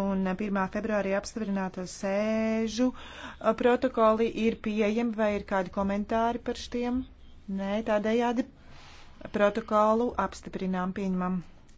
un 1. februārī apstiprināto sēžu protokoli ir pieejami, vai ir kādi komentāri par šiem? Nē, tādējādi protokolu apstiprinām, pieņemam.